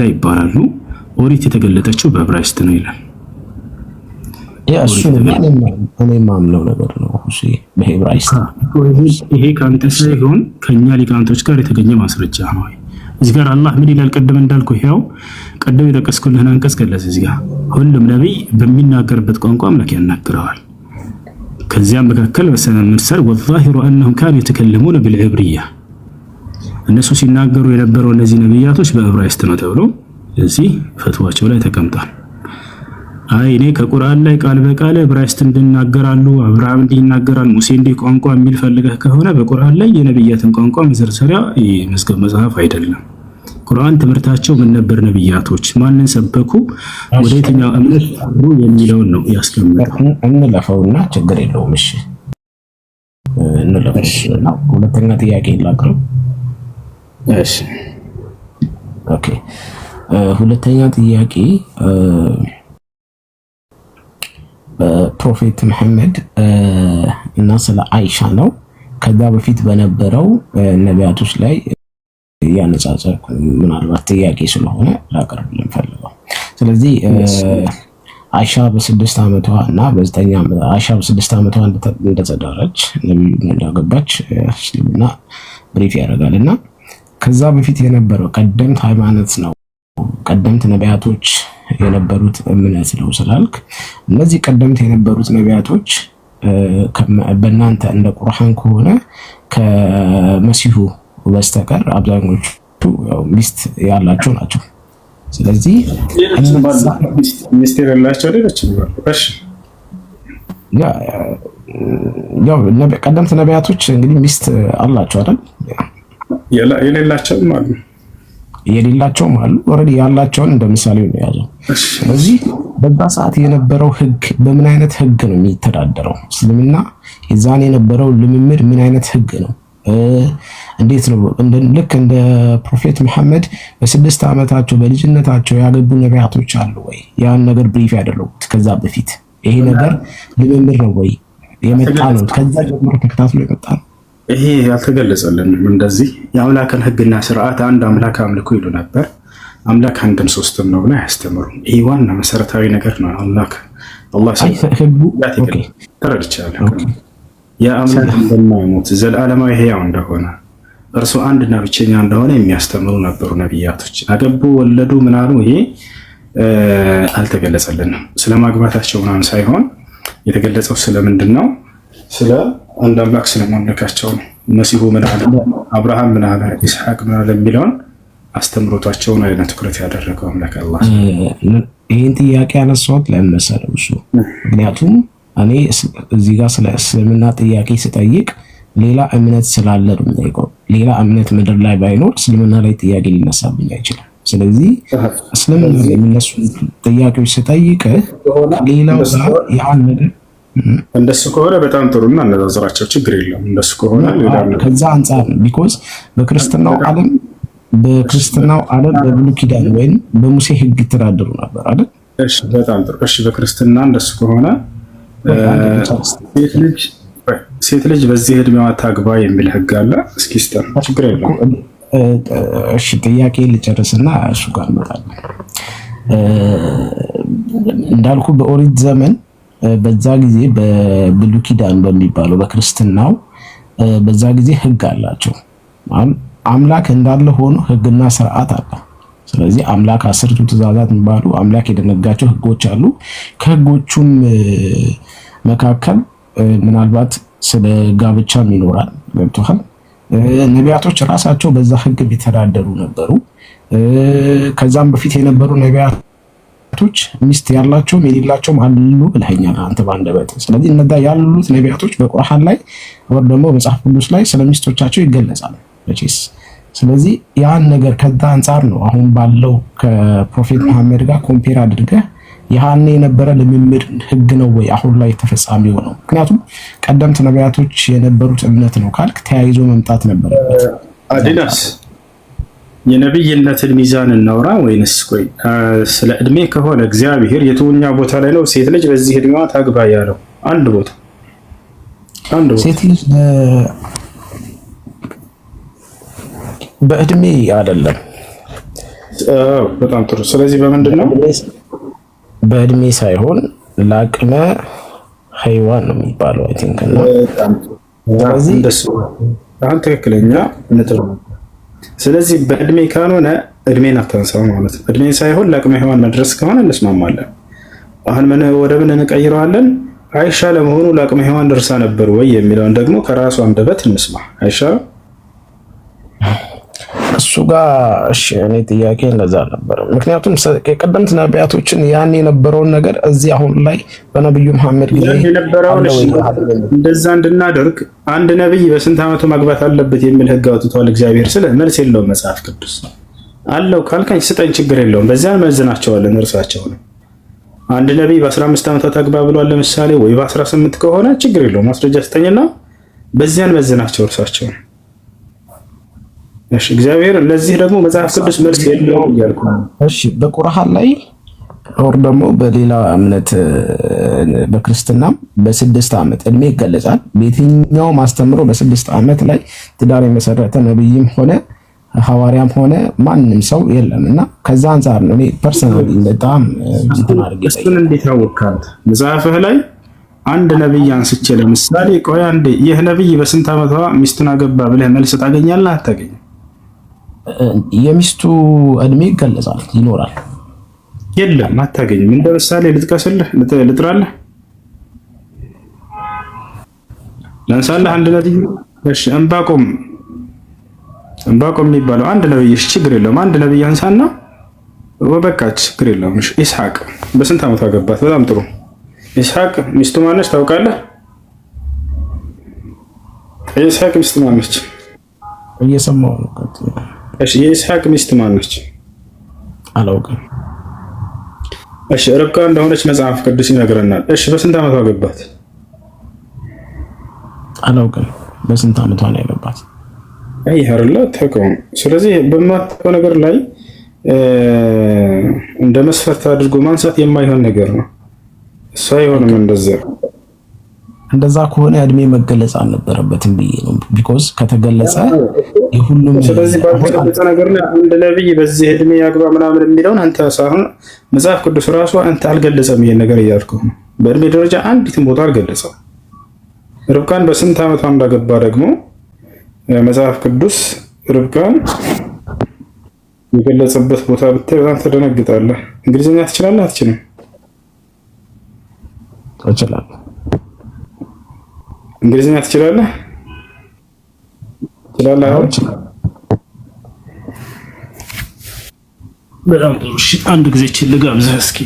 ላይ ይባላሉ። ኦሪት የተገለጠችው በዕብራይስጥ ነው ይላል። ይሄ ከአንተ ሳይሆን ከእኛ ጋር የተገኘ ማስረጃ ነው። እዚህ ጋር አላህ ምን ይላል? እንዳልኩ ያው የጠቀስኩልህን አንቀጽ ገለጽ። እዚህ ጋር ሁሉም ነቢይ በሚናገርበት ቋንቋ አምላክ ያናግረዋል። ከዚያም መካከል በሰነ ምርሰል ወዛሂሩ አነሁም ካኑ የተከለሙነ ብልዕብርያ እነሱ ሲናገሩ የነበረው እነዚህ ነብያቶች በዕብራይስጥ ነው ተብሎ እዚህ ፈትዋቸው ላይ ተቀምጧል። አይ እኔ ከቁርአን ላይ ቃል በቃል ዕብራይስጥ እንድናገራሉ አብርሃም እንዲህ ሙሴ እንዲህ ቋንቋ የሚል ፈልገህ ከሆነ በቁርአን ላይ የነብያትን ቋንቋ መዘርዘሪያ መዝገብ መጽሐፍ አይደለም። ቁርአን ትምህርታቸው ምን ነበር? ነብያቶች ማንን ሰበኩ? ወደ የትኛው እምነት አብሩ የሚለውን ነው ያስቀምጠው። እንለፈውና ችግር የለውም። እሺ፣ እንለፈው። ሁለተኛ ጥያቄ ላቅርብ። እሺ ኦኬ። ሁለተኛ ጥያቄ ፕሮፌት መሐመድ እና ስለ አይሻ ነው። ከዛ በፊት በነበረው ነቢያቶች ላይ ያነጻጸርኩ ምናልባት ጥያቄ ስለሆነ ላቀርብ ልንፈልገው። ስለዚህ አይሻ በስድስት ዓመቷ እና በዘጠኛ አይሻ በስድስት ዓመቷ እንደተዳረች ነቢዩ እንዳገባች እስልምና ብሪፍ ያደርጋል እና ከዛ በፊት የነበረው ቀደምት ሃይማኖት ነው፣ ቀደምት ነቢያቶች የነበሩት እምነት ነው ስላልክ እነዚህ ቀደምት የነበሩት ነቢያቶች በእናንተ እንደ ቁርአን ከሆነ ከመሲሁ በስተቀር አብዛኞቹ ሚስት ያላቸው ናቸው። ስለዚህ ሚስት የሌላቸው ሌሎች ያው ቀደምት ነቢያቶች እንግዲህ ሚስት አላቸው አይደል? የሌላቸውም አሉ የሌላቸውም አሉ። ኦልሬዲ ያላቸውን እንደ ምሳሌ ነው የያዘው። ስለዚህ በዛ ሰዓት የነበረው ህግ በምን አይነት ህግ ነው የሚተዳደረው? እስልምና የዛን የነበረው ልምምድ ምን አይነት ህግ ነው? እንዴት ነው? ልክ እንደ ፕሮፌት መሐመድ በስድስት ዓመታቸው በልጅነታቸው ያገቡ ነቢያቶች አሉ ወይ? ያን ነገር ብሪፍ ያደረጉት ከዛ በፊት ይሄ ነገር ልምምድ ነው ወይ የመጣ ነው? ከዛ ጀምሮ ተከታትሎ የመጣ ነው ይሄ አልተገለጸልንም እንደዚህ የአምላክን ህግና ስርዓት አንድ አምላክ አምልኩ ይሉ ነበር። አምላክ አንድም ሶስትም ነው ብላ አያስተምሩም። ይህ ዋና መሰረታዊ ነገር ነው። አምላክ ተረድቻለሁ። የአምላክ እንደማይሞት ዘለዓለማዊ እንደሆነ እርሱ አንድና ብቸኛ እንደሆነ የሚያስተምሩ ነበሩ ነቢያቶች። አገቡ ወለዱ ምናሉ ይሄ አልተገለጸልንም። ስለ ማግባታቸው ምናምን ሳይሆን የተገለጸው ስለምንድን ነው ስለ አንድ አምላክ ስለማምለካቸው ነው። መሲሁ ምን አለ፣ አብርሃም ምን አለ፣ ኢስሐቅ ምን አለ የሚለውን አስተምሮታቸውን አይነ ትኩረት ያደረገው አምላክ አላህ። ይህን ጥያቄ ያነሳሁት ለምን መሰለው? እሱ ምክንያቱም እኔ እዚህ ጋር ስለ እስልምና ጥያቄ ስጠይቅ ሌላ እምነት ስላለ ነው የምጠይቀው። ሌላ እምነት ምድር ላይ ባይኖር እስልምና ላይ ጥያቄ ሊነሳብኝ አይችልም። ስለዚህ እስልምና የሚነሱ ጥያቄዎች ስጠይቅህ ሌላው ያን ምድር እንደሱ ከሆነ በጣም ጥሩ እና አነዛዝራቸው ችግር የለም። እንደሱ ከሆነ ከዛ አንጻር ቢኮዝ በክርስትናው ዓለም በክርስትናው ዓለም በብሉይ ኪዳን ወይም በሙሴ ሕግ ይተዳደሩ ነበር አይደል? እሺ፣ በጣም ጥሩ። እሺ፣ በክርስትና እንደሱ ከሆነ ሴት ልጅ በዚህ እድሜዋ ታግባ የሚል ሕግ አለ። እስኪ ስጠን፣ ችግር የለም። እሺ፣ ጥያቄ ልጨርስና እሱ ጋር እንመጣለን። እንዳልኩ በኦሪት ዘመን በዛ ጊዜ በብሉይ ኪዳን በሚባለው በክርስትናው በዛ ጊዜ ህግ አላቸው። አምላክ እንዳለ ሆኖ ህግና ስርዓት አለ። ስለዚህ አምላክ አስርቱ ትእዛዛት የሚባሉ አምላክ የደነጋቸው ህጎች አሉ። ከህጎቹም መካከል ምናልባት ስለ ጋብቻም ይኖራል። ገብቶሃል? ነቢያቶች ራሳቸው በዛ ህግ የተዳደሩ ነበሩ። ከዛም በፊት የነበሩ ነቢያት ነቢያቶች ሚስት ያላቸውም የሌላቸውም አሉ ብለኸኛል አንተ ባንደበት። ስለዚህ እነዛ ያሉት ነቢያቶች በቁርአን ላይ ወር ደግሞ መጽሐፍ ቅዱስ ላይ ስለ ሚስቶቻቸው ይገለጻል መቼስ። ስለዚህ ያን ነገር ከዛ አንጻር ነው አሁን ባለው ከፕሮፌት መሐመድ ጋር ኮምፔር አድርገህ ያኔ የነበረ ልምምድ ህግ ነው ወይ አሁን ላይ ተፈጻሚ ነው? ምክንያቱም ቀደምት ነቢያቶች የነበሩት እምነት ነው ካልክ ተያይዞ መምጣት ነበረበት። የነብይነትን ሚዛን እናውራ ወይንስ? ቆይ ስለ እድሜ ከሆነ እግዚአብሔር የትውኛ ቦታ ላይ ነው ሴት ልጅ በዚህ እድሜዋ ታግባ ያለው? አንድ ቦታ አንድ ቦታ ሴት ልጅ በእድሜ አይደለም። በጣም ጥሩ። ስለዚህ በምንድን ነው? በእድሜ ሳይሆን ለአቅመ ሔዋን ነው የሚባለው። አይ ቲንክ ነው። ስለዚህ አንተ ትክክለኛ ነጥብ ነው። ስለዚህ በእድሜ ካልሆነ እድሜን አታንሳው ማለት ነው። እድሜ ሳይሆን ለአቅመ ሔዋን መድረስ ከሆነ እንስማማለን። አሁን ምን ወደ ምን እንቀይረዋለን? አይሻ ለመሆኑ ለአቅመ ሔዋን ደርሳ ነበር ወይ የሚለውን ደግሞ ከራሱ አንደበት እንስማ። አይሻ ከሱ ጋር እሺ፣ እኔ ጥያቄ እንደዛ ነበር። ምክንያቱም የቀደምት ነቢያቶችን ያን የነበረውን ነገር እዚህ አሁን ላይ በነቢዩ መሐመድ ጊዜ እንደዛ እንድናደርግ አንድ ነቢይ በስንት ዓመቱ ማግባት አለበት የሚል ህግ አውጥቷል እግዚአብሔር። ስለ መልስ የለውም መጽሐፍ ቅዱስ አለው ካልከኝ ስጠኝ፣ ችግር የለውም። በዚያ መዝናቸዋለን እርሳቸው ነው። አንድ ነቢይ በ15 ዓመታት አግባ ብሏል ለምሳሌ ወይ በ18 ከሆነ ችግር የለውም። ማስረጃ ስጠኝና በዚያን መዝናቸው እርሳቸው ነው። እሺ እግዚአብሔር ለዚህ ደግሞ መጽሐፍ ቅዱስ መልስ የለውም እያልኩ ነው። እሺ በቁርአን ላይ ኦር ደግሞ በሌላ እምነት በክርስትናም በስድስት ዓመት እድሜ ይገለጻል። በየትኛውም ማስተምሮ በስድስት ዓመት ላይ ትዳር የመሰረተ ነብይም ሆነ ሐዋርያም ሆነ ማንም ሰው የለም እና ከዛ አንጻር ነው እኔ ፐርሰናሊ በጣም እሱን እንዴት አወቅካት? መጽሐፍህ ላይ አንድ ነብይ አንስቼ ለምሳሌ ቆይ አንዴ ይህ ነብይ በስንት ዓመቷ ሚስቱን አገባ ብለህ መልስ ታገኛለህ አታገኝም? የሚስቱ እድሜ ይገለጻል፣ ይኖራል። የለም አታገኝም። እንደ ምሳሌ ልጥቀስልህ፣ ልጥራለህ፣ ለምሳሌ አንድ ነብይ። እሺ እንባቆም እንባቆም የሚባለው አንድ ነብይ። እሺ ችግር የለውም አንድ ነብይ አንሳና ወበቃች፣ ችግር የለውም። እሺ ኢስሐቅ በስንት ዓመቷ አገባት? በጣም ጥሩ። ኢስሐቅ ሚስቱ ማነች ታውቃለህ? ኢስሐቅ ሚስቱ ማነች? እየሰማሁ ነው። እሺ የኢስሐቅ ሚስት ማን ነች? አላውቅም። እሺ ርብቃ እንደሆነች መጽሐፍ ቅዱስ ይነግረናል። እሺ በስንት ዓመቷ ገባት? አላውቅም። በስንት ዓመቷ ነው ያገባት? አይ አይደለ ተቀም። ስለዚህ በማታውቀው ነገር ላይ እንደ መስፈርት አድርጎ ማንሳት የማይሆን ነገር ነው። እሱ አይሆንም እንደዛ እንደዛ ከሆነ እድሜ መገለጽ አልነበረበትም ብዬ ነው። ቢኮዝ ከተገለጸ የሁሉም ስለዚህ ባልተገለጸ ነገር ላይ አንድ ነቢይ በዚህ እድሜ ያግባ ምናምን የሚለውን አንተ ሳሁን መጽሐፍ ቅዱስ ራሱ አንተ አልገለጸም። ይሄን ነገር እያልኩ በእድሜ ደረጃ አንዲትም ቦታ አልገለጸው። ርብቃን በስንት ዓመቷ እንዳገባ ደግሞ መጽሐፍ ቅዱስ ርብቃን የገለጸበት ቦታ ብታይ በጣም ተደነግጣለህ። እንግሊዝኛ ትችላለህ አትችልም? እችላለሁ እንግሊዝኛ ትችላለህ? ትችላለህ? አሁን በጣም ጥሩ። እሺ አንድ ጊዜ ችል ጋብዘህ እስኪ።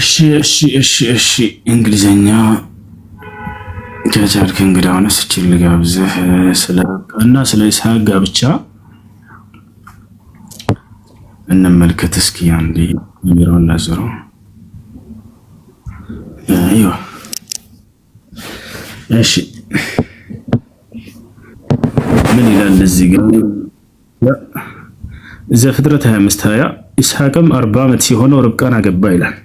እሺ እሺ እሺ እሺ እንግሊዝኛ ከቻልክ እንግዳ ሆነህ ችል ጋብዘህ ስለ እና ስለ ይስሐቅ ጋብቻ እንመልከት እስኪ አንዴ የሚለውን እናዝረው እሺ ምን ይላል እዚህ ጋር? ዘፍጥረት 25 20 ዓመት ሲሆነው ርብቃን አገባ ይላል።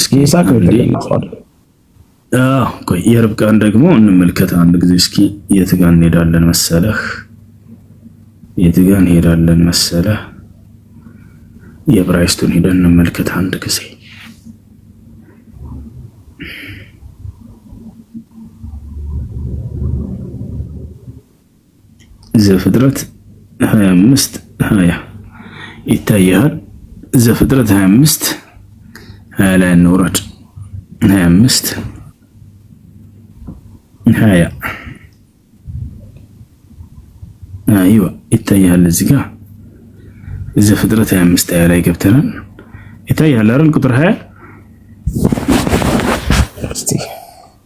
እስኪ አዎ፣ የርብቃን ደግሞ እንመልከት አንድ ጊዜ እስኪ። የት ጋር እንሄዳለን መሰለህ? የት ጋር እንሄዳለን መሰለህ? ሄደን እንመልከት አንድ ጊዜ زفدرت همست هايا يتايهر زفدرت همست هلا نورج همست هايا ايوا يتايهر لزقا زفدرت همست هلا يكبتنا يتايهر لارن قطر هاي استيك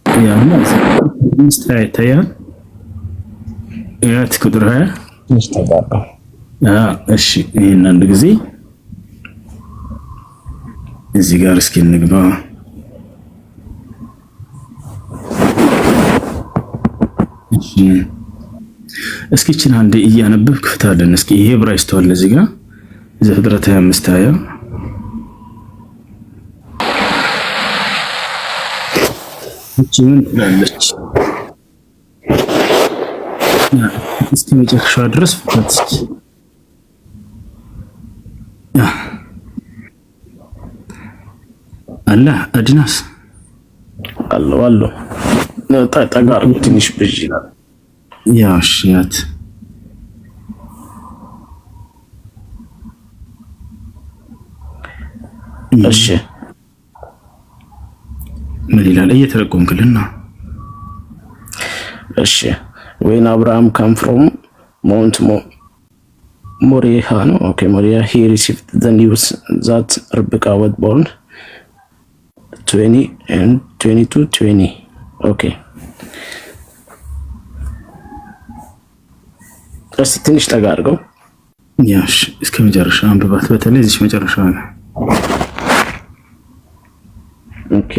يا مست هاي تايهر እያት ቁጥር ሀያ እሺ ይህን አንድ ጊዜ እዚህ ጋር እስኪ እንግባ። እስኪ ይችን አንዴ እያነበብክ ክፍታለን እስኪ ይሄ ዕብራይስጥ አለ እዚህ ጋር ዘፍጥረት 25 ሃያ እቺ ምን ትላለች? እስኪ መጨረሻዋ ድረስ ፍታት። አለ አድናስ አለው አለው ጠጋር ትንሽ ብዥ ያሽ ያት እሺ ምን ይላል? እየተረጎምክልና እሺ ወይን አብርሃም ካም ፍሮም ማውንት ሞሪሃ ነው። ኦኬ ሞሪያ ሂ ሪሲቭድ ዘ ኒውስ ዛት ርብቃ ወድ ቦርን ትዌኒ ኦኬ እስቲ ትንሽ ጠጋ አድርገው ያሽ እስከ መጨረሻ አንብባት። በተለይ እዚህ መጨረሻ ነው። ኦኬ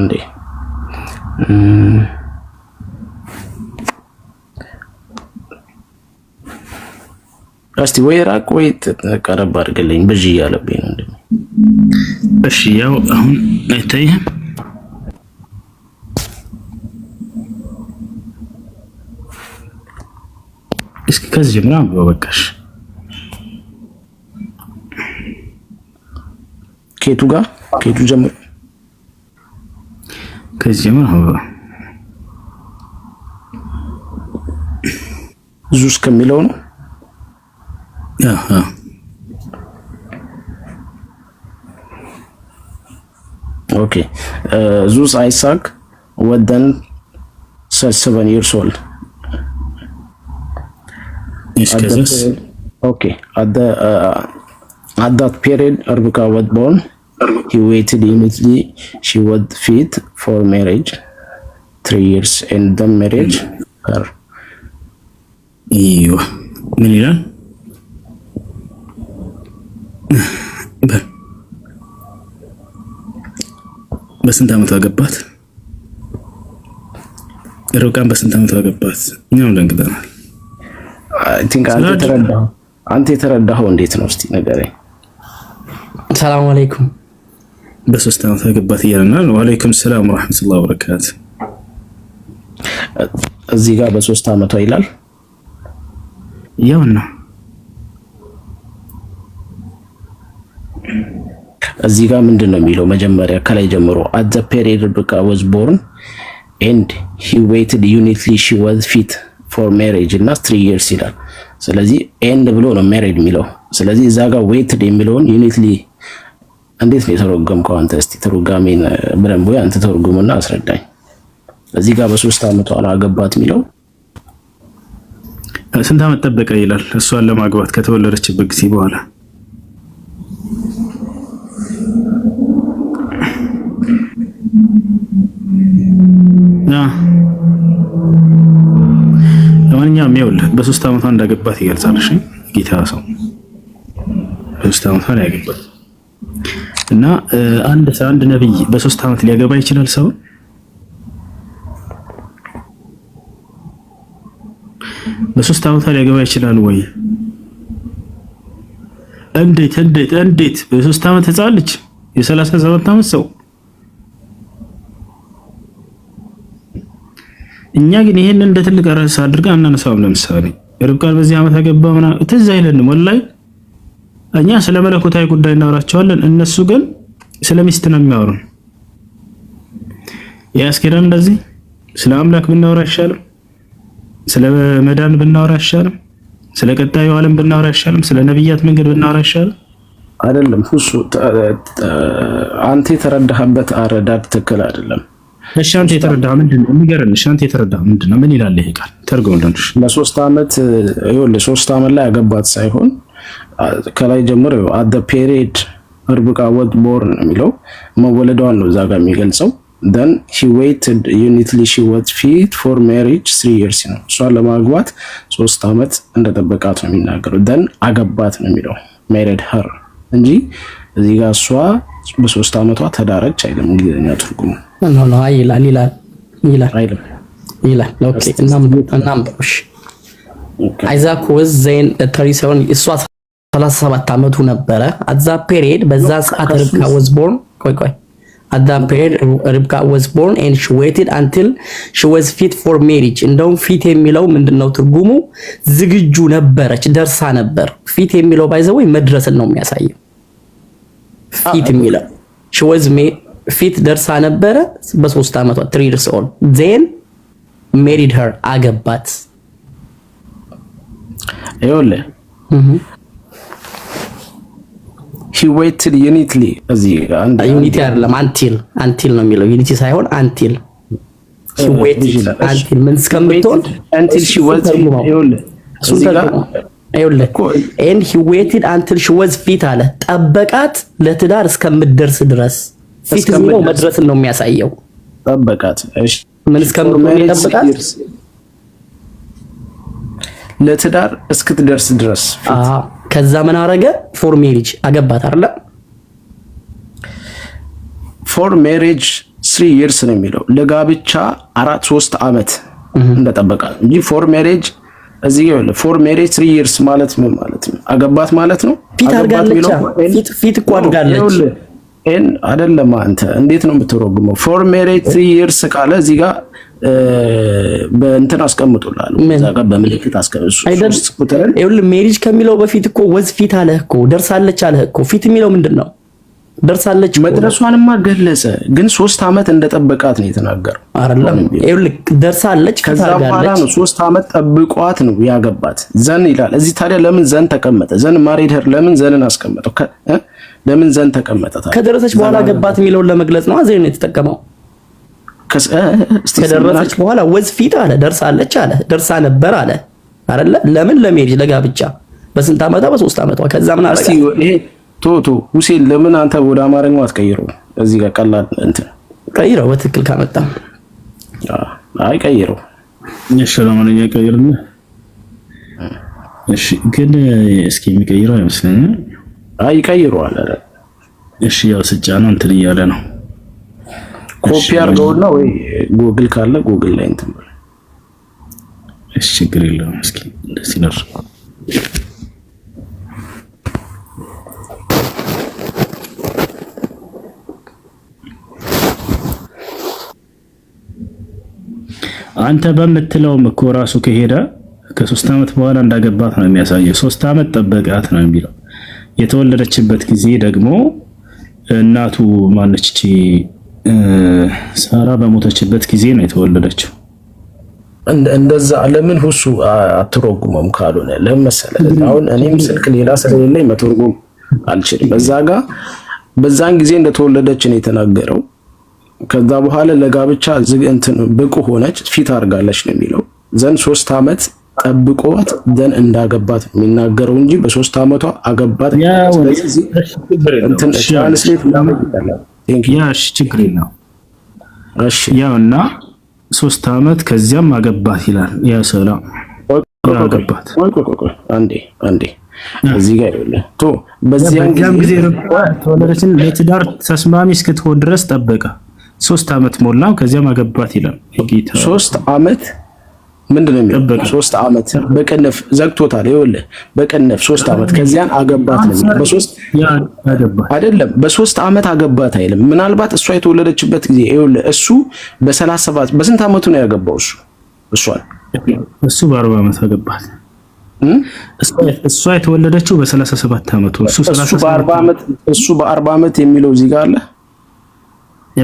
እንዴ እስቲ ወይ ራቅ ወይ ቀረብ አድርግልኝ። ብዥ እያለብኝ ነው። እንደው እሺ፣ ያው አሁን አይታይህም። እስኪ ከዚህ ጀምራ አንብበው። በቃሽ። ኬቱ ጋር ኬቱ ጀምር ከዚህ ምን ዙስ ከሚለው ነው። ኦኬ ዙስ አይሳቅ ወደን ሰብሰበን ይርሶል ኦኬ አት ዳት ፔሪድ እርብካ ወድበውን He waited immediately she would fit for marriage three years and the marriage her ምን ይላል? በስንት ዓመቷ ገባት? ሩቃን በስንት ዓመቷ ገባት? እኛም ደንግጠናል። አንተ የተረዳኸው እንዴት ነው? እስኪ ንገረኝ። ሰላም አለይኩም በሶስት ዓመት አገባት እያለናል። ወአለይኩም ሰላም ወራህመቱላሂ ወበረካቱ። እዚህ ጋር በሶስት ዓመቷ ይላል። ያውና እዚህ ጋር ምንድን ነው የሚለው? መጀመሪያ ከላይ ጀምሮ at the period Rebecca was born and he waited uniquely she was fit for marriage እና 3 years ይላል። ስለዚህ ኤንድ ብሎ ነው ሜሪድ የሚለው። ስለዚህ እዛ ጋር ዌይትድ የሚለውን ዩኒትሊ እንዴት ነው የተረጎምከው? አንተ እስቲ ተርጓሜን በደንብ ወይ አንተ ተርጉምና አስረዳኝ። እዚህ ጋር በሶስት ዓመቷ አላገባት የሚለው ስንት ዓመት ጠበቀ ይላል። እሷን ለማግባት ከተወለደችበት ጊዜ በኋላ ለማንኛውም ይኸውልህ በሶስት ዓመቷ እንዳገባት ይገልጻል። እሺ ጌታ ሰው በሶስት ዓመቷ ያገባት እና አንድ ሰው አንድ ነብይ በሶስት ዓመት ሊያገባ ይችላል። ሰው በሶስት ዓመቷ ሊያገባ ይችላል ወይ? እንዴት እንዴት እንዴት? በሶስት ዓመት ህፃን ልጅ የሰላሳ ሰባት ዓመት ሰው። እኛ ግን ይሄን እንደ ትልቅ ርዕስ አድርገን አናነሳውም። ለምሳሌ ርብቃን በዚህ ዓመት አገባ ምናምን ትዝ አይለንም ወላሂ እኛ ስለ መለኮታዊ ጉዳይ እናወራቸዋለን፣ እነሱ ግን ስለ ሚስት ነው የሚያወሩን። ያስኬዳል። እንደዚህ ስለ አምላክ ብናወራ አይሻልም? ስለ መዳን ብናወራ አይሻልም? ስለ ቀጣዩ ዓለም ብናወራ አይሻልም? ስለ ነብያት መንገድ ብናወራ አይሻልም? አይደለም ሁሱ፣ አንተ የተረዳህበት አረዳድ ትክክል አይደለም። እሺ አንተ የተረዳህ ምንድን ነው? ንገረን። እሺ አንተ የተረዳህ ምንድን ነው? ምን ይላል ይሄ ቃል? ተርጉምልን። ለሶስት ዓመት ይኸውልህ፣ ሶስት አመት ላይ ያገባት ሳይሆን ከላይ ጀምሮ አደ ፔሪድ ርብቃ ወት ቦርን የሚለው መወለዷን ነው እዛ ጋር የሚገልጸው። ደን ሂ ዌይትድ ዩኒትሊ ሺ ወት ፊት ፎር ሜሪጅ ስሪ ይርስ ነው። እሷን ለማግባት ሶስት ዓመት እንደጠበቃት ነው የሚናገረው። ደን አገባት ነው የሚለው ሜሪድ ሀር እንጂ እዚህ ጋር እሷ በሶስት ዓመቷ ተዳረች አይልም። እንግሊዝኛ ትርጉሙ ይላል ይላል ይላል። ኦኬ እናም እናም አይዛክ ወዝ ዘይን 37 እሷ 37 ዓመቱ ነበረ። አዛ ፔሪድ በዛ ሰዓት ርብቃ ወዝ ቦርን ቆይ ቆይ አዛ ፔሪድ ርብቃ ወዝ ቦርን ኤንድ ሺ ዌትድ አንቲል ሺ ወዝ ፊት ፎር ሜሪጅ። እንደውም ፊት የሚለው ምንድነው ትርጉሙ? ዝግጁ ነበረች፣ ደርሳ ነበር። ፊት የሚለው ባይዘው ወይ መድረስን ነው የሚያሳየው። ፊት ah, የሚለው ሺ ወዝ ፊት ደርሳ ነበረ በሶስት ዓመቷ ትሪ ይርስ ኦል ዜን ሜሪድ ሄር አገባት። ይኸውልህ ሂዌትል ዩኒትሊ እዚህ ዩኒቲ አይደለም አንቲል አንቲል ነው የሚለው ዩኒቲ ሳይሆን አንቲል አንቲል ምን እስከምትሆን አንቲል ሺ ወዝ ይኸውልህ ሂ ዌይትድ አንቲል ሺ ወዝ ፊት አለ ጠበቃት ለትዳር እስከምትደርስ ድረስ ፊት ነው መድረስን ነው የሚያሳየው ጠበቃት ምን እስከምትሆን የጠበቃት ለትዳር እስክትደርስ ድረስ ከዛ ምን አረገ? ፎር ሜሪጅ አገባት አይደለ? ፎር ሜሪጅ ስሪ ይርስ ነው የሚለው ለጋብቻ አራት ሶስት አመት እንደጠበቀ እንጂ ፎር ሜሪጅ እዚህ ይወለ ፎር ሜሪጅ ስሪ ይርስ ማለት ምን ማለት ነው? አገባት ማለት ነው። ፊት አድጋለች፣ ፊት እኮ አድጋለች ይሄን አይደለም አንተ እንዴት ነው የምትረጉመው? ፎር ሜሬት ትሪ ይርስ ካለ እዚህ ጋር በእንትን አስቀምጡላሉ እዛ ጋር በምልክት አስቀምጡ። ሜሪጅ ከሚለው በፊት እኮ ወዝ ፊት አለህ እኮ ደርሳለች አለህ እኮ ፊት የሚለው ምንድን ነው? ደርሳለች መድረሷንማ ገለጸ። ግን ሶስት ዓመት እንደጠበቃት ነው የተናገረው አይደለም? ይኸውልህ ደርሳለች። ከዛ በኋላ ነው ሶስት ዓመት ጠብቋት ነው ያገባት። ዘን ይላል እዚህ። ታዲያ ለምን ዘን ተቀመጠ? ዘን ማሬድ ሄር ለምን ዘንን አስቀመጠው? ለምን ዘንድ ተቀመጠታል? ከደረሰች በኋላ ገባት የሚለውን ለመግለጽ ነው ዜን የተጠቀመው። ከደረሰች በኋላ ወዝ ፊት አለ፣ ደርሳለች አለ፣ ደርሳ ነበር አለ አይደለ? ለምን ለሜሪጅ ለጋብቻ በስንት ዓመቷ? በሶስት ዓመቷ። ከዛ ምን አረጋ? ይሄ ቶቶ ሁሴን፣ ለምን አንተ ወደ አማርኛው አትቀይረው? እዚህ ጋር ቀላል እንትን ቀይረው፣ በትክክል ካመጣ አይ ቀይረው። እሺ ለማንኛ ቀይርልኝ። እሺ ግን እስኪ የሚቀይረው አይመስለኝም አይ ይቀይረዋል። እሺ ያው ስጫ ነው እንትን እያለ ነው። ኮፒ አርገውና ወይ ጉግል ካለ ጉግል ላይ እንትን ብለ። እሺ ችግር የለውም። እስኪ እንደዚህ ነው። አንተ በምትለውም እኮ ራሱ ከሄደ ከሶስት አመት በኋላ እንዳገባት ነው የሚያሳየው። ሶስት አመት ጠበቃት ነው የሚለው የተወለደችበት ጊዜ ደግሞ እናቱ ማነች? እቺ ሳራ በሞተችበት ጊዜ ነው የተወለደችው። እንደዛ ለምን ሁሱ አትረጉመም? ካልሆነ ለምን መሰለህ፣ አሁን እኔም ስልክ ሌላ ስለሌለኝ መተርጎም አልችልም። በዛ ጋ በዛን ጊዜ እንደተወለደች ነው የተናገረው። ከዛ በኋላ ለጋብቻ ዝግ እንትን ብቁ ሆነች ፊት አድርጋለች ነው የሚለው ዘንድ ሶስት ዓመት ጠብቆት ደን እንዳገባት የሚናገረው እንጂ በሶስት ዓመቷ አገባት። ችግር የለው ያው እና ሶስት ዓመት ከዚያም አገባት ይላል። ያ ሰላም አገባት አንዴ አንዴ እዚህ ጋር ቶ በዚያን ጊዜ ተወለደችን ለትዳር ተስማሚ እስክትሆን ድረስ ጠበቀ። ሶስት ዓመት ሞላው፣ ከዚያም አገባት ይላል ሶስት ዓመት ምንድን ነው የሚለው? ሶስት ዓመት በቅንፍ ዘግቶታል። ይኸውልህ በቅንፍ ሶስት ዓመት ከዚያን አገባት ነው በሶስት አይደለም በሶስት ዓመት አገባት አይልም። ምናልባት እሷ የተወለደችበት ጊዜ ይኸውልህ፣ እሱ በሰላሳ ሰባት በስንት ዓመቱ ነው ያገባው? እሱ እሷን እሱ በአርባ ዓመት አገባት። እሷ የተወለደችው በሰላሳ ሰባት ዓመቱ እሱ በአርባ ዓመት የሚለው እዚህ ጋር አለ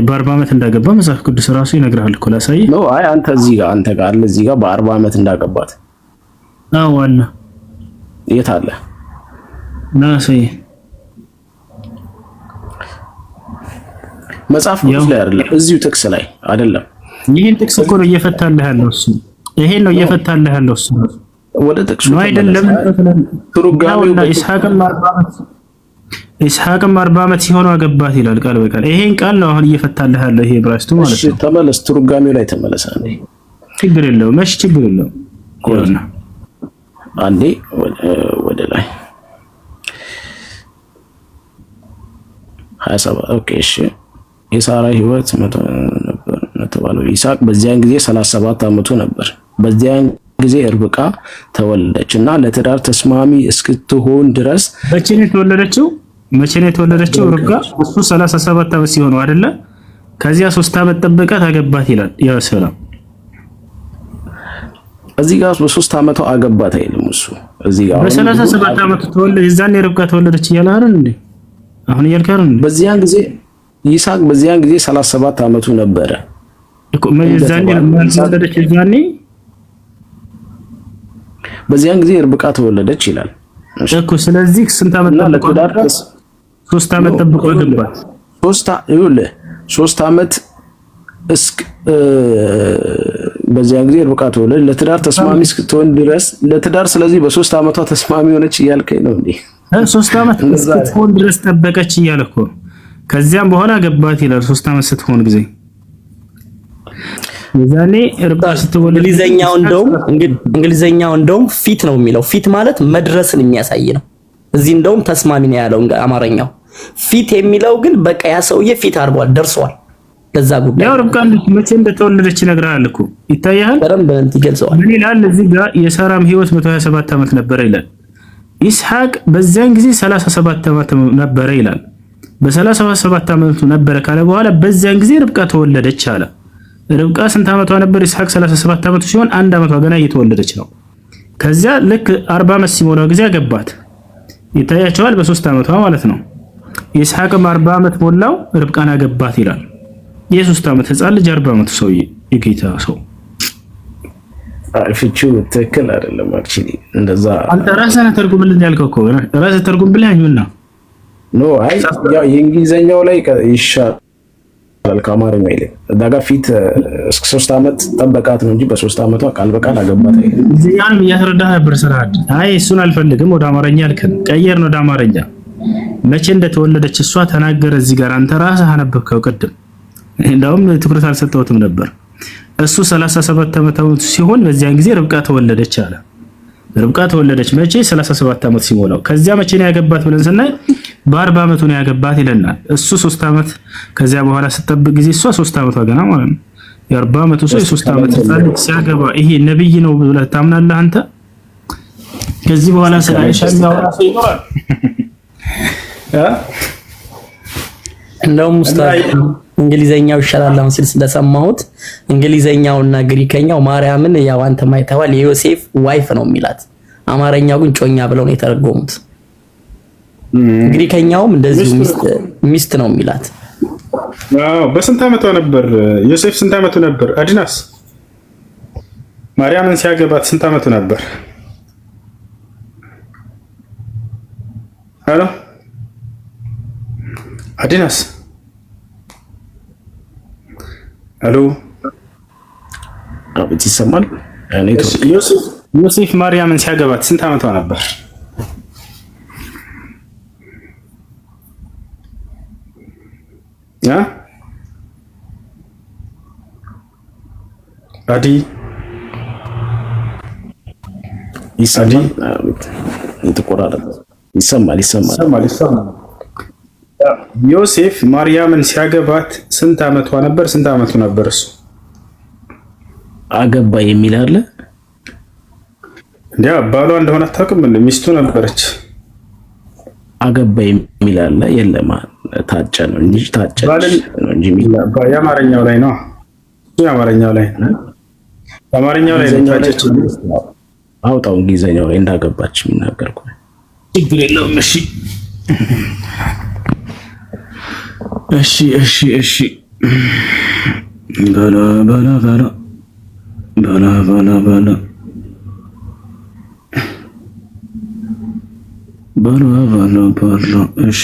በአርባ ዓመት እንዳገባ መጽሐፍ ቅዱስ ራሱ ይነግርሃል እኮ ላሳይ። አይ አንተ እዚህ ጋር አንተ ጋር አለ እዚህ ጋር በአርባ ዓመት እንዳገባት አዎ፣ አለ። የት አለ? ላሳይ መጽሐፍ ቅዱስ ላይ አይደለም፣ እዚሁ ጥቅስ ላይ አይደለም። ይሄን ጥቅስ እኮ ነው እየፈታልህ ያለው እሱ። ይሄን ነው እየፈታልህ ያለው እሱ። ወደ ጥቅስ ነው አይደለም። ትርጓሜው ኢስሐቅም አርባ ዓመት ሲሆነው አገባት ይላል ቃል በቃል ይሄን ቃል ነው አሁን እየፈታልህ ያለው ይሄ ብራስቱ ማለት ነው። ተመለስ ትርጓሜው ላይ ተመለስ። ችግር የለውም እሺ፣ ችግር የለውም። አንዴ ወደ ላይ ሀያ ሰባት ኦኬ እሺ። ህይወት ተባለው ይስሐቅ በዚያን ጊዜ ሰላሳ ሰባት ዓመቱ ነበር። በዚያን ጊዜ እርብቃ ተወለደች እና ለትዳር ተስማሚ እስክትሆን ድረስ መቼ የተወለደችው? መቼ ነው የተወለደችው? ርብቃ እሱ 37 ዓመት ሲሆነው አይደለ? ከዚያ 3 ዓመት ጠበቃ አገባት ይላል። ያው ሰላም እዚህ ጋር በሶስት ዓመቷ አገባት አይልም እሱ እዚህ ጋር በ37 ዓመቱ ተወለደ። የዛኔ ርብቃ ተወለደች እያለ አይደል እንዴ? አሁን እያልክ አይደል? በዚያን ጊዜ ይስሐቅ በዚያን ጊዜ 37 ዓመቱ ነበረ እኮ የዛኔ ተወለደች። የዛኔ በዚያን ጊዜ ርብቃ ተወለደች ይላል እኮ። ስለዚህ ስንት ዓመት ተቆጣጣ ሶስት አመት ጠብቆ ይገባል። ሶስት ይኸውልህ ሶስት አመት እስክ በዚያ ጊዜ ርብቃ ተወለደች። ለትዳር ተስማሚ እስክትሆን ድረስ ለትዳር ስለዚህ በሶስት አመቷ ተስማሚ ሆነች እያልከኝ ነው እንዴ? ሶስት አመት እስክትሆን ድረስ ጠበቀች እያለ እኮ ከዚያም በኋላ ገባት ይላል። ሶስት አመት ስትሆን ጊዜ የዛኔ ርብቃ ስትወለድ እንግሊዘኛው እንደውም እንግሊዘኛው እንደውም ፊት ነው የሚለው ፊት ማለት መድረስን የሚያሳይ ነው። እዚህ እንደውም ተስማሚ ነው ያለው አማርኛው ፊት የሚለው ግን በቃ ያ ሰውዬ ፊት አርቧል፣ ደርሷል። ለዛ ጉዳይ ያው ርብቃ መቼ እንደተወለደች ይነግርሃል እኮ ይታያል። በደንብ ይገልጸዋል። ምን ይላል እዚህ ጋር የሳራም ህይወት 127 ዓመት ነበረ ይላል። ይስሐቅ በዚያን ጊዜ 37 ዓመት ነበረ ይላል። በ37 ዓመቱ ነበረ ካለ በኋላ በዚያን ጊዜ ርብቃ ተወለደች አለ። ርብቃ ስንት ዓመቷ ነበር? ይስሐቅ 37 ዓመቱ ሲሆን አንድ ዓመቷ ገና እየተወለደች ነው። ከዚያ ልክ 40 ዓመት ሲሞላው ጊዜ አገባት። ይታያቸዋል። በሶስት ዓመቷ ማለት ነው። ይስሐቅም አርባ ዓመት ሞላው ርብቃን አገባት ይላል። የሶስት ዓመት ህፃን ልጅ አርባ ዓመት ሰው የጌታ ሰው ፍቺው ትክክል አይደለም። አክቹሊ እንደዛ አንተ ራስህ ነህ ተርጉምልን ያልከው እኮ ራስህ ተርጉም ብለህ አይሁንና ኖ አይ የእንግሊዘኛው ላይ ይሻላል ከአማርኛው ይልቅ እዛ ጋር ፊት እስከ ሶስት ዓመት ጠበቃት ነው እንጂ በሶስት ዓመቷ ቃል በቃል አገባት እዚህ እዚህም እያስረዳህ ነበር ስራ። አይ እሱን አልፈልግም ወደ አማርኛ አልከን ቀየር ነው ወደ አማርኛ መቼ እንደተወለደች እሷ ተናገረ። እዚህ ጋር አንተ ራስህ አነበብከው ቅድም። እንደውም ትኩረት አልሰጠሁትም ነበር። እሱ 37 ዓመት ሲሆን በዚያን ጊዜ ርብቃ ተወለደች አለ። ርብቃ ተወለደች መቼ? 37 ዓመት ሲሞላው። ከዚያ መቼ ነው ያገባት ብለን ስናይ በ40 ዓመቱ ነው ያገባት ይለናል። እሱ 3 ዓመት ከዚያ በኋላ ስጠብቅ ጊዜ እሷ 3 ዓመቷ ገና ማለት ነው። የአርባ ዓመቱ ሰው የሶስት ዓመት ህፃን ሲያገባ ይሄ ነብይ ነው ብለህ ታምናለህ አንተ? ከዚህ በኋላ ስለ አይሻ የሚያወራ ሰው ይኖራል? እንደውም ኡስታዝ እንግሊዘኛው ይሻላል አሁን ስል ስለሰማሁት እንግሊዘኛውና ግሪከኛው ማርያምን ያው አንተ ማይተዋል የዮሴፍ ዋይፍ ነው የሚላት። አማርኛው ግን ጮኛ ብለው ነው የተረጎሙት። ግሪከኛውም እንደዚህ ሚስት ነው የሚላት። አዎ በስንት ዓመቷ ነበር ዮሴፍ? ስንት ዓመቱ ነበር አድናስ ማርያምን ሲያገባት? ስንት ዓመቱ ነበር? ሄሎ አዲናስ፣ ሄሎ አብት ይሰማል። ዮሴፍ ማርያምን ሲያገባት ስንት ዓመቷ ነበር? አዲ ይሰማል። የተቆራረጠ ይሰማል ይሰማል ዮሴፍ ማርያምን ሲያገባት ስንት አመቷ ነበር? ስንት አመቱ ነበር? እሱ አገባ የሚል አለ። እንዲያ ባሏ እንደሆነ አታውቅም። ሚስቱ ነበረች። አገባ የሚል አለ። የለም ታጨ ነው እንጂ ታጨ ነው እንጂ የአማርኛው ላይ ነው። የአማርኛው ላይ ነው። የአማርኛው ላይ ነው። ታጨች። አውጣው እንግሊዝኛው ላይ እንዳገባች የሚናገር እኮ ነው ችግር የለውም። እሺ እሺ እሺ እሺ በላ በላ በላ በላ በላ በላ በላ በላ በላ እሺ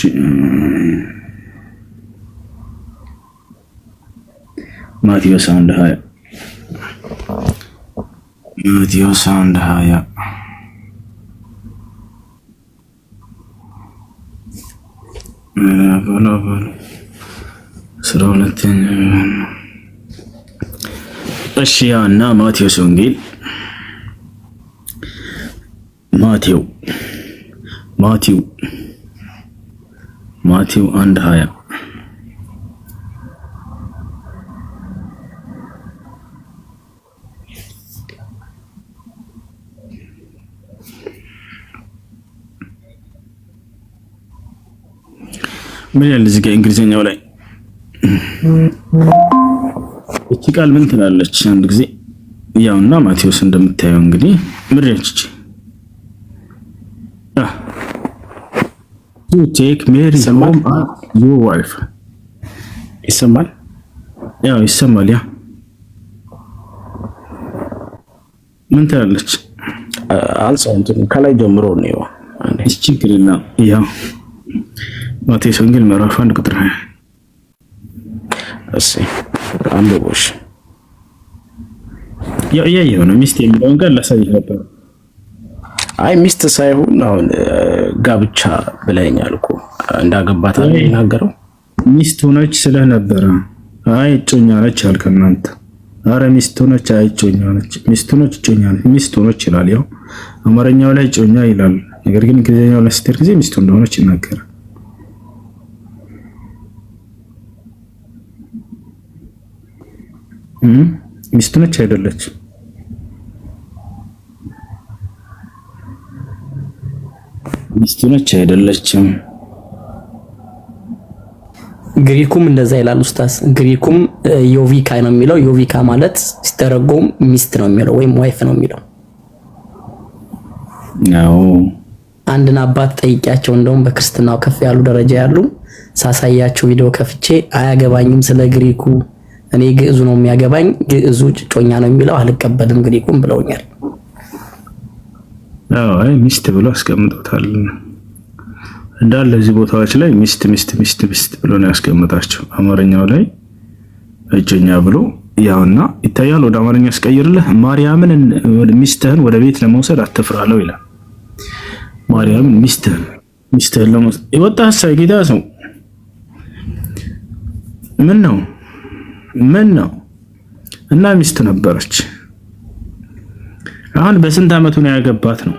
ማቴዎስ አንድ ሀያ ማቴዎስ አንድ ሀያ አስራ ሁለተኛ እሺ እና ማቴዎስ ወንጌል ማቴው ማቴው ማቴው አንድ ሀያ ምን ያለ እዚህ ጋር እንግሊዘኛው ላይ እቺ ቃል ምን ትላለች? አንድ ጊዜ ያውና ማቴዎስ እንደምታየው እንግዲህ ምሪያች ዩ ቴክ ሜሪ ሆም ዩ ዋይፍ ይሰማል። ያው ይሰማል። ያ ምን ትላለች? አልጻንቱ ከላይ ጀምሮ ነው ያው ማቴዎስ ወንጌል ምዕራፍ አንድ ቁጥር ሀያ እሰይ አንብቦሽ እያየሁ ነው። ሚስት የሚለውን ቃል ላሳይህ ነበር። አይ ሚስት ሳይሆን አሁን ጋብቻ ብለኸኛል እኮ እንዳገባት አለ ይናገረው ሚስት ሆነች ስለነበረ አይ እጮኛ ነች አልክ። እናንተ አረ ሚስት ሆነች፣ አይ እጮኛ ነች፣ ሚስት ሆነች፣ እጮኛ ነች፣ ሚስት ሆነች ይላል። ያው አማርኛው ላይ እጮኛ ይላል፣ ነገር ግን እንግሊዝኛው ላይ ስትሄድ ጊዜ ሚስቱ እንደሆነች ይናገራል። ሚስት ነች አይደለች? ሚስቱ ነች አይደለችም? ግሪኩም እንደዛ ይላል ኡስታዝ። ግሪኩም ዮቪካ ነው የሚለው። ዮቪካ ማለት ሲተረጎም ሚስት ነው የሚለው ወይም ዋይፍ ነው የሚለው። አዎ አንድን አባት ጠይቂያቸው፣ እንደውም በክርስትናው ከፍ ያሉ ደረጃ ያሉ ሳሳያቸው ቪዲዮ ከፍቼ አያገባኝም ስለ ግሪኩ እኔ ግዕዙ ነው የሚያገባኝ፣ ግዕዙ ጮኛ ነው የሚለው አልቀበልም፣ ግሪኩም ብለውኛል። አይ ሚስት ብሎ አስቀምጦታል እንዳለ እዚህ ቦታዎች ላይ ሚስት ሚስት ሚስት ሚስት ብሎ ነው ያስቀምጣቸው። አማርኛው ላይ እጮኛ ብሎ ያውና ይታያል። ወደ አማርኛ ያስቀይርልህ። ማርያምን ሚስትህን ወደ ቤት ለመውሰድ አትፍራለው ይላል። ማርያምን ሚስትህን ሚስትህን ለመውሰድ ሳይ ጌታ ሰው ምን ነው ምን ነው እና ሚስት ነበረች። አሁን በስንት ዓመቱ ነው ያገባት ነው?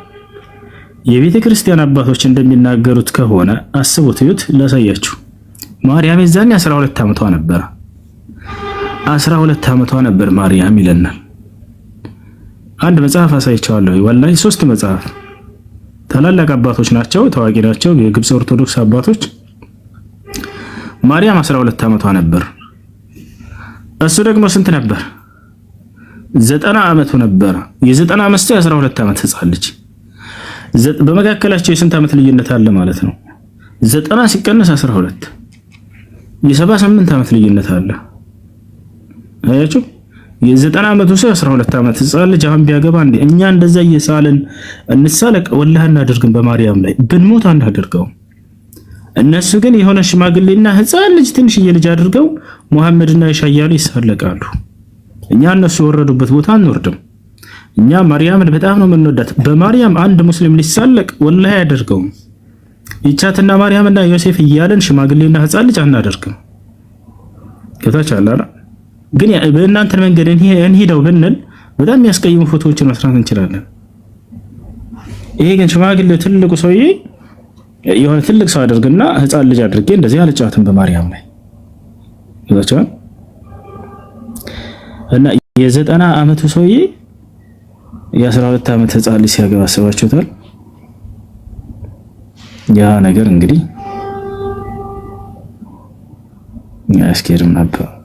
የቤተ ክርስቲያን አባቶች እንደሚናገሩት ከሆነ አስቡት፣ እዩት፣ ላሳያችሁ። ማርያም የዛኔ 12 ዓመቷ ነበር። 12 ዓመቷ ነበር ማርያም ይለናል። አንድ መጽሐፍ አሳይቻለሁ። ወላሂ ሶስት መጽሐፍ ታላላቅ አባቶች ናቸው፣ ታዋቂ ናቸው፣ የግብጽ ኦርቶዶክስ አባቶች። ማርያም 12 ዓመቷ ነበር። እሱ ደግሞ ስንት ነበር? ዘጠና ዓመቱ ነበር የዘጠና ዓመት ሰው የአስራ ሁለት ዓመት ህፃን ልጅ። በመካከላቸው የስንት ዓመት ልዩነት አለ ማለት ነው? ዘጠና ሲቀነስ አስራ ሁለት የሰባ ስምንት ዓመት ልዩነት አለ። አያችሁ? የዘጠና ዓመቱ ሰው የአስራ ሁለት ዓመት ህፃን ልጅ አሁን ቢያገባ እኛ እንደዛ እየሳልን እንሳለቅ፣ ወላህ እናደርግን በማርያም ላይ ብንሞት አናደርገውም። እነሱ ግን የሆነ ሽማግሌና ህፃን ልጅ ትንሽዬ ልጅ አድርገው ሙሐመድና ይሻያሉ ይሳለቃሉ። እኛ እነሱ የወረዱበት ቦታ አንወርድም። እኛ ማርያምን በጣም ነው የምንወዳት። በማርያም አንድ ሙስሊም ሊሳለቅ ወላሂ አያደርገውም። ይቻትና ማርያምና ዮሴፍ እያለን ሽማግሌና ህፃን ልጅ አናደርግም። ከታች አላላ ግን በእናንተን መንገድ እንሂደው ብንል በጣም የሚያስቀይሙ ፎቶዎችን መስራት እንችላለን። ይሄ ግን ሽማግሌ ትልቁ ሰውዬ የሆነ ትልቅ ሰው አደርግና ህፃን ልጅ አድርጌ እንደዚህ አልጫወትም በማርያም ላይ እና የዘጠና አመቱ ሰውዬ የአስራ ሁለት ዓመት ህፃን ልጅ ሲያገባ አስባችሁታል? ያ ነገር እንግዲህ አያስኬድም ነበር።